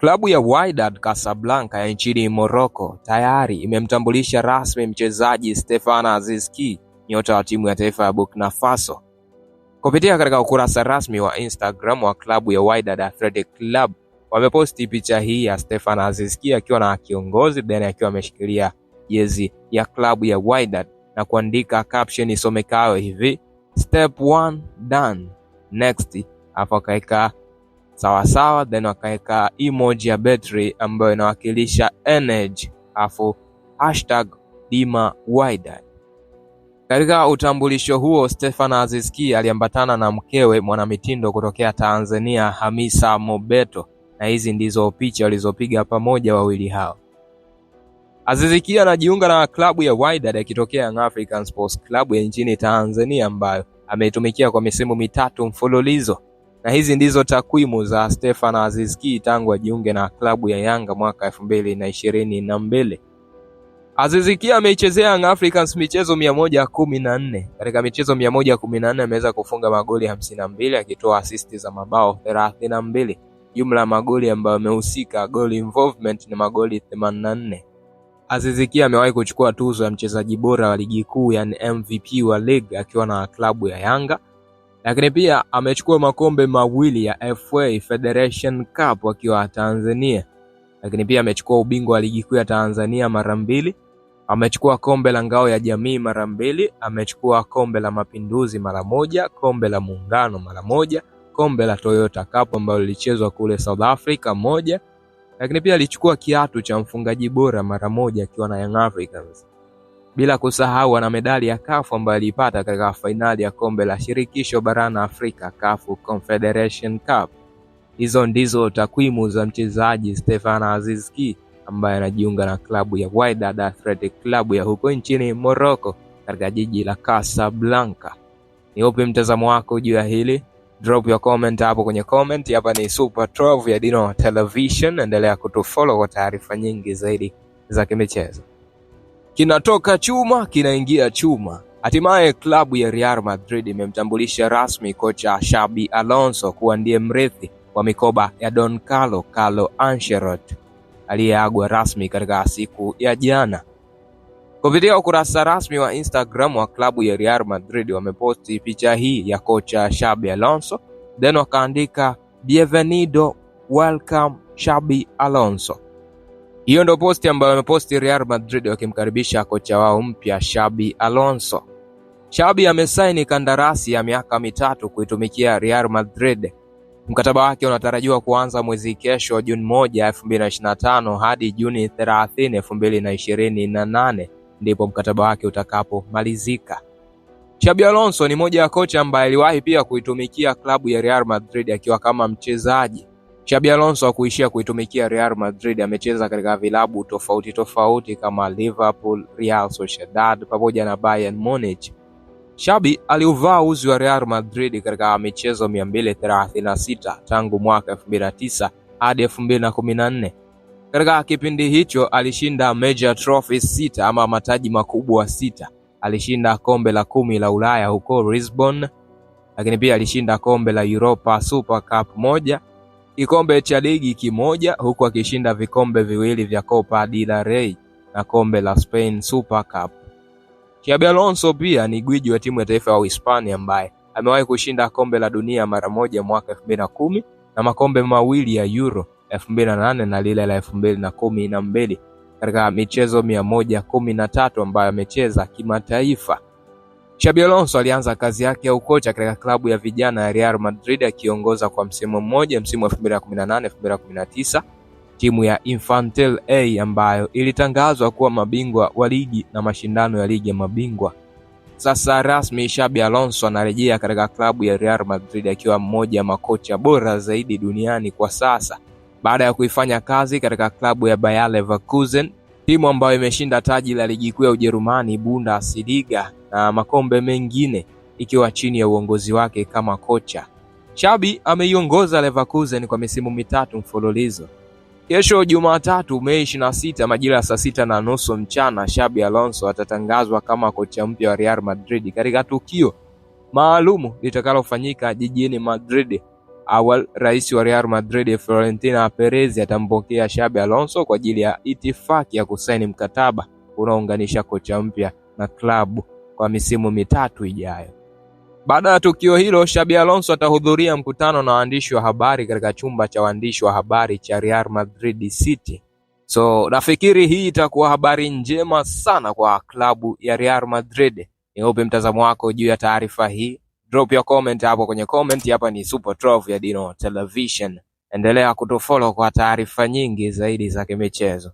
Klabu ya Wydad Casablanca ya nchini Morocco tayari imemtambulisha rasmi mchezaji Stefana Aziz-Ki nyota wa timu ya taifa ya Burkina Faso kupitia katika ukurasa rasmi wa Instagram wa klabu ya Wydad Athletic Club wameposti picha hii ya Stefan Aziz-Ki akiwa na kiongozi Dani akiwa ameshikilia jezi ya klabu ya Wydad na kuandika caption isomekayo hivi step one done next. Hapo akaweka sawasawa, then wakaweka emoji ya battery ambayo inawakilisha energy, afu hashtag Dima Wydad. Katika utambulisho huo Stefan Aziz Ki aliambatana na mkewe mwanamitindo kutokea Tanzania Hamisa Mobeto, na hizi ndizo picha walizopiga pamoja wawili hao. Aziz Ki anajiunga na klabu ya Wydad akitokea Young African Sports Club ya nchini Tanzania ambayo ameitumikia kwa misimu mitatu mfululizo. Na hizi ndizo takwimu za Stefan Aziz Ki tangu ajiunge na klabu ya Yanga mwaka elfu mbili na ishirini na mbili. Aziz Ki ameichezea Young Africans michezo 114 Katika michezo 114 ameweza kufunga magoli 52 akitoa asisti za mabao 32 Jumla ya magoli ambayo amehusika goal involvement ni magoli 84. Aziz Ki amewahi kuchukua tuzo ya mchezaji bora wa ligi kuu, yani MVP wa league akiwa na klabu ya Yanga lakini pia amechukua makombe mawili ya FA Federation Cup akiwa Tanzania, lakini pia amechukua ubingwa wa ligi kuu ya Tanzania mara mbili, amechukua kombe la ngao ya jamii mara mbili, amechukua kombe la mapinduzi mara moja, kombe la muungano mara moja, kombe la Toyota Cup ambalo lilichezwa kule South Africa moja, lakini pia alichukua kiatu cha mfungaji bora mara moja akiwa na Young Africans. Bila kusahau na medali ya Kafu ambayo aliipata katika fainali ya kombe la shirikisho barani Afrika Kafu Confederation Cup. Hizo ndizo takwimu za mchezaji Stefan Aziz Ki ambaye anajiunga na klabu ya Wydad Athletic Club ya huko nchini Morocco katika jiji la Casablanca. Ni upi mtazamo wako juu ya hili? Drop your comment hapo kwenye comment. Hapa ni Super 12 ya Dino Television, endelea kutufollow kwa taarifa nyingi zaidi za kimichezo kinatoka chuma kinaingia chuma. Hatimaye klabu ya Real Madrid imemtambulisha rasmi kocha Xabi Alonso kuwa ndiye mrithi wa mikoba ya Don Carlo Carlo Ancelotti aliyeagwa rasmi katika siku ya jana. Kupitia ukurasa rasmi wa Instagram wa klabu ya Real Madrid wameposti picha hii ya kocha Xabi Alonso, then wakaandika bienvenido welcome Xabi Alonso. Hiyo ndio posti ambayo ameposti Real Madrid wakimkaribisha kocha wao mpya Xabi Alonso. Xabi amesaini kandarasi ya miaka mitatu kuitumikia Real Madrid. Mkataba wake unatarajiwa kuanza mwezi kesho Juni 1, 2025 hadi Juni 30, 2028 ndipo mkataba wake utakapomalizika. Xabi Alonso ni moja ya kocha ambaye aliwahi pia kuitumikia klabu ya Real Madrid akiwa kama mchezaji. Xabi Alonso hakuishia kuitumikia Real Madrid amecheza katika vilabu tofauti tofauti kama Liverpool, Real Sociedad pamoja na Bayern Munich. Xabi aliuvaa uzi wa Real Madrid katika michezo 236 tangu mwaka 2009 hadi 2014. Katika kipindi hicho alishinda major trophies sita ama mataji makubwa sita. Alishinda kombe la kumi la Ulaya huko Lisbon, lakini pia alishinda kombe la Europa Super Cup moja kikombe cha ligi kimoja huku akishinda vikombe viwili vya Copa del Rey na kombe la Spain Super Cup. Xabi Alonso pia ni gwiji wa timu ya taifa ya Uhispania ambaye amewahi kushinda kombe la dunia mara moja mwaka 2010 na makombe mawili ya Euro 2008 na lile la 2012 katika michezo 113 ambayo amecheza kimataifa. Xabi Alonso alianza kazi yake ya ukocha katika klabu ya vijana ya Real Madrid akiongoza kwa msimu mmoja, msimu wa 2018 2019, timu ya Infantil A ambayo ilitangazwa kuwa mabingwa wa ligi na mashindano ya ligi ya mabingwa. Sasa rasmi Xabi Alonso anarejea katika klabu ya Real Madrid akiwa mmoja makocha bora zaidi duniani kwa sasa baada ya kuifanya kazi katika klabu ya Bayer Leverkusen timu ambayo imeshinda taji la ligi kuu ya Ujerumani Bundesliga na makombe mengine ikiwa chini ya uongozi wake kama kocha. Xabi ameiongoza Leverkusen kwa misimu mitatu mfululizo. Kesho Jumatatu Mei 26 majira ya saa sita na nusu mchana, Xabi Alonso atatangazwa kama kocha mpya wa Real Madrid katika tukio maalumu litakalofanyika jijini Madrid awali rais wa Real Madrid Florentino Perez atampokea Xabi Alonso kwa ajili ya itifaki ya kusaini mkataba unaounganisha kocha mpya na klabu kwa misimu mitatu ijayo. Baada ya tukio hilo, Xabi Alonso atahudhuria mkutano na waandishi wa habari katika chumba cha waandishi wa habari cha Real Madrid City. So nafikiri hii itakuwa habari njema sana kwa klabu ya Real Madrid. Ni upi mtazamo wako juu ya taarifa hii? drop your comment hapo kwenye comment. Hapa ni Super Trove ya Dino Television, endelea kutufollow kwa taarifa nyingi zaidi za kimichezo.